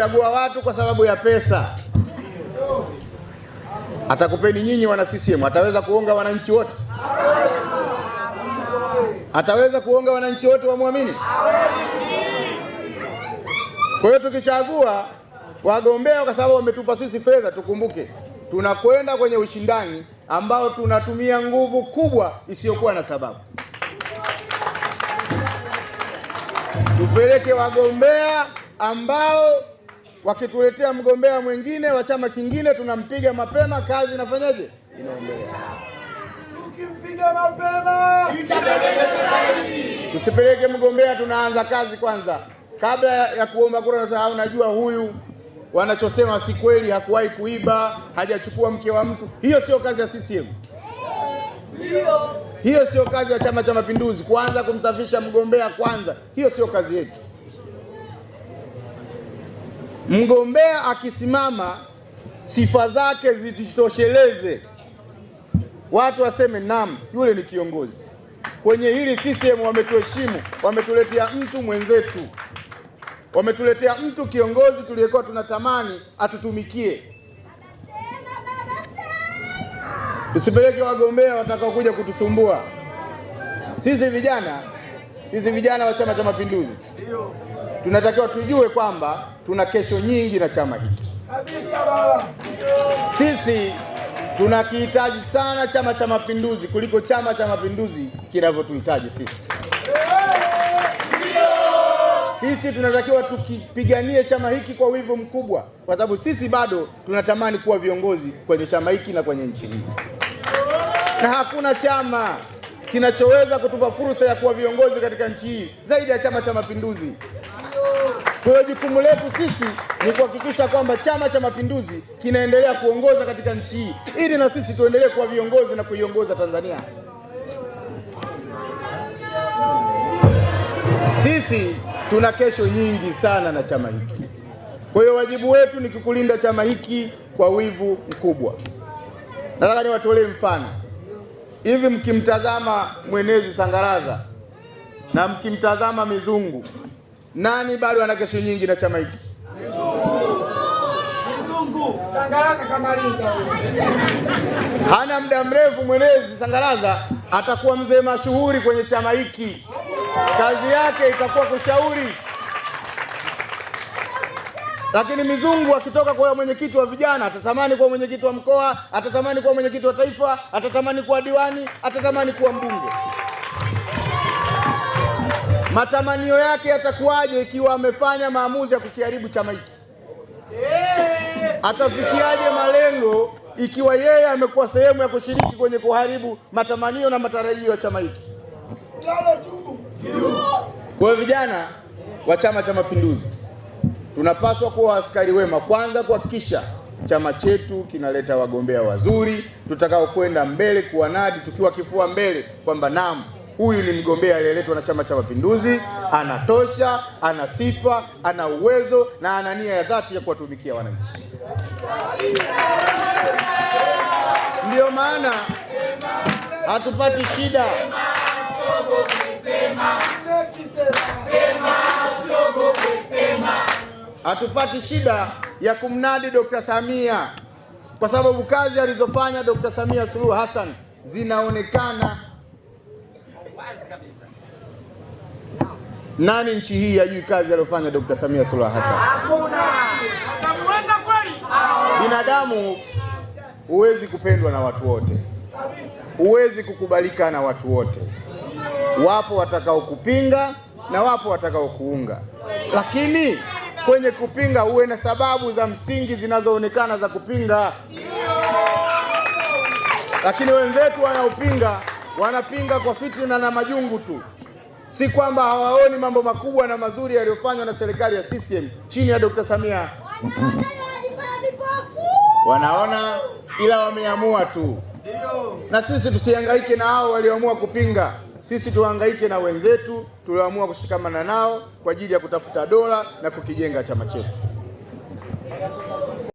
chagua watu kwa sababu ya pesa. Atakupeni nyinyi wana CCM, ataweza kuonga wananchi wote? Ataweza kuonga wananchi wote wamwamini? Kwa hiyo tukichagua wagombea kwa sababu wametupa sisi fedha, tukumbuke tunakwenda kwenye ushindani ambao tunatumia nguvu kubwa isiyokuwa na sababu. Tupeleke wagombea ambao wakituletea mgombea mwingine wa chama kingine tunampiga mapema, kazi inafanyaje? Inaendelea. Tukimpiga mapema tusipeleke mgombea, tunaanza kazi kwanza kabla ya kuomba kura. Sasa unajua huyu wanachosema si kweli, hakuwahi kuiba, hajachukua mke wa mtu. Hiyo sio kazi ya CCM, hiyo sio kazi ya Chama cha Mapinduzi, kuanza kumsafisha mgombea kwanza. Hiyo sio kazi yetu. Mgombea akisimama sifa zake zititosheleze, watu waseme nam, yule ni kiongozi. Kwenye hili CCM wametuheshimu, wametuletea mtu mwenzetu, wametuletea mtu kiongozi tuliyekuwa tunatamani atutumikie. Tusipeleke wagombea watakaokuja kutusumbua sisi vijana. Sisi vijana wa Chama cha Mapinduzi tunatakiwa tujue kwamba tuna kesho nyingi na chama hiki. Sisi tunakihitaji sana Chama cha Mapinduzi kuliko Chama cha Mapinduzi kinavyotuhitaji sisi. Sisi tunatakiwa tukipiganie chama hiki kwa wivu mkubwa, kwa sababu sisi bado tunatamani kuwa viongozi kwenye chama hiki na kwenye nchi hii, na hakuna chama kinachoweza kutupa fursa ya kuwa viongozi katika nchi hii zaidi ya Chama cha Mapinduzi. Kwa hiyo jukumu letu sisi ni kuhakikisha kwamba Chama cha Mapinduzi kinaendelea kuongoza katika nchi hii ili na sisi tuendelee kuwa viongozi na kuiongoza Tanzania. Sisi tuna kesho nyingi sana na chama hiki. Kwa hiyo wajibu wetu ni kukulinda chama hiki kwa wivu mkubwa. Nataka niwatolee mfano. Hivi mkimtazama Mwenezi Sangaraza na mkimtazama Mizungu nani bado ana kesho nyingi na chama hiki? Hana muda mrefu mwenezi Sangalaza atakuwa mzee mashuhuri kwenye chama hiki. Kazi yake itakuwa kushauri, lakini Mizungu akitoka kwa mwenyekiti wa vijana atatamani kuwa mwenyekiti wa mkoa, atatamani kuwa mwenyekiti wa taifa, atatamani kuwa diwani, atatamani kuwa mbunge. Matamanio yake yatakuwaje ikiwa amefanya maamuzi ya kukiharibu chama hiki? Atafikiaje malengo ikiwa yeye amekuwa sehemu ya kushiriki kwenye kuharibu matamanio na matarajio ya chama hiki? Kwa vijana wa Chama cha Mapinduzi tunapaswa kuwa askari wema, kwanza kuhakikisha chama chetu kinaleta wagombea wazuri tutakao kwenda mbele kuwanadi tukiwa kifua mbele kwamba naam huyu ni mgombea aliyeletwa na Chama cha Mapinduzi, anatosha, ana sifa, ana uwezo na ana nia ya dhati ya kuwatumikia wananchi. Ndiyo maana hatupati shida. Hatupati shida ya kumnadi Dr. Samia kwa sababu kazi alizofanya Dr. Samia Suluhu Hassan zinaonekana. Nani nchi hii hajui kazi aliyofanya Dr. Samia Suluhu Hassan? Hakuna. Binadamu huwezi kupendwa na watu wote, huwezi kukubalika na watu wote. Wapo watakaokupinga na wapo watakaokuunga, lakini kwenye kupinga uwe na sababu za msingi zinazoonekana za kupinga, lakini wenzetu wanaopinga wanapinga kwa fitina na majungu tu, si kwamba hawaoni mambo makubwa na mazuri yaliyofanywa na serikali ya CCM chini ya Dr. Samia. Wanaona ila wameamua tu, na sisi tusihangaike na hao walioamua kupinga. Sisi tuhangaike na wenzetu tulioamua kushikamana nao kwa ajili ya kutafuta dola na kukijenga chama chetu.